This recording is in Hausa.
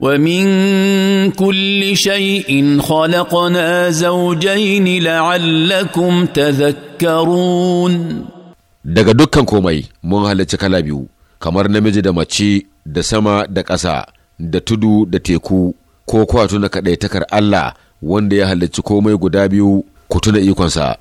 ومن كل شيء خلقنا زوجين لعلكم تذكرون daga dukkan komai mun halarci kala biyu kamar namiji da mace da sama da ƙasa da tudu da teku ko kwatu na kaɗaitakar Allah wanda ya halarci komai guda biyu ku tuna ikonsa